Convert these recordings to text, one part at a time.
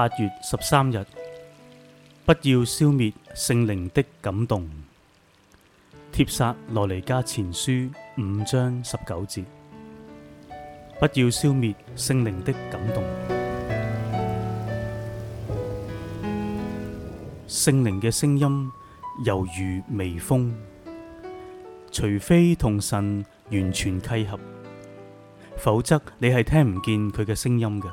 八月十三日，不要消滅聖靈的感動。帖撒羅尼加前書五章十九節，不要消滅聖靈的感動。聖靈嘅聲音猶如微風，除非同神完全契合，否則你係聽唔見佢嘅聲音嘅。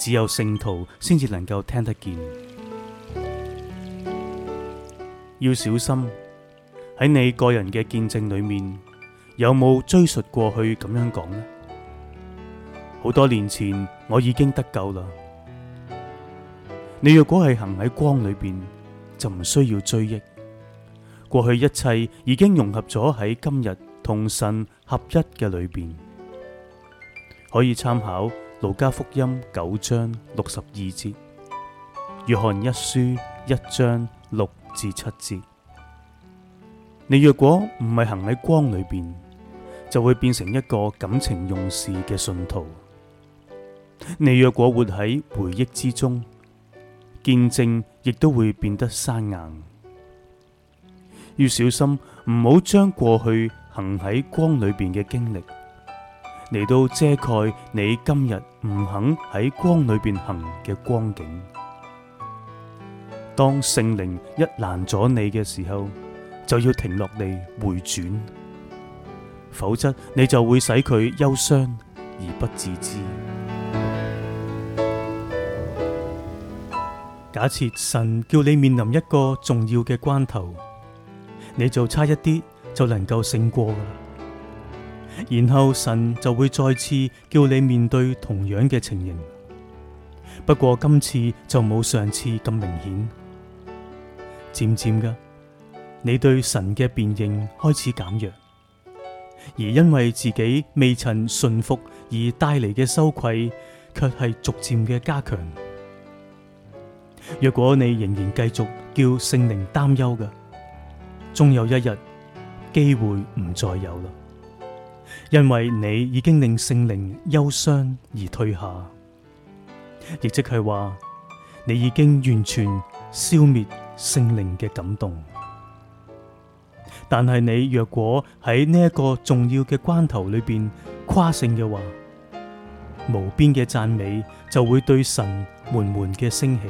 只有聖徒先至能夠聽得見，要小心喺，你個人嘅見證裏面，有冇追述過去咁樣講呢？好多年前我已經得救啦。你若果係行喺光裏邊，就唔需要追憶，過去一切已經融合咗喺今日同神合一嘅裏邊，可以參考。路加福音九章六十二節，約翰一書一章六至七節。你若果唔係行喺光裏邊，就會變成一個感情用事嘅信徒。你若果活喺回憶之中，見證亦都會變得生硬。要小心，唔好將過去行喺光裏邊嘅經歷。嚟到遮蓋你今日唔肯喺光裏面行嘅光景。當聖靈一攔咗你嘅時候，就要停落嚟回轉，否則你就會使佢憂傷而不自知。假設神叫你面臨一個重要嘅關頭，你就差一啲就能夠勝過噶啦。然後神就會再次叫你面對同樣嘅情形，不過今次就冇上次咁明顯。漸漸嘅，你對神嘅辨認開始減弱，而因為自己未曾信服而帶嚟嘅羞愧，卻係逐漸嘅加強。若果你仍然繼續叫聖靈擔憂嘅，終有一日機會唔再有啦。因為你已經令聖靈憂傷而退下，亦即係話你已經完全消滅聖靈嘅感動。但係你若果喺呢一個重要嘅關頭裏邊跨性嘅話，無邊嘅讚美就會對神滿滿嘅昇起，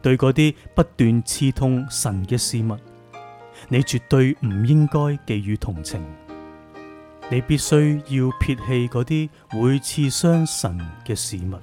對嗰啲不斷刺痛神嘅事物，你絕對唔應該寄予同情。你必須要撇棄嗰啲會刺傷神嘅事物。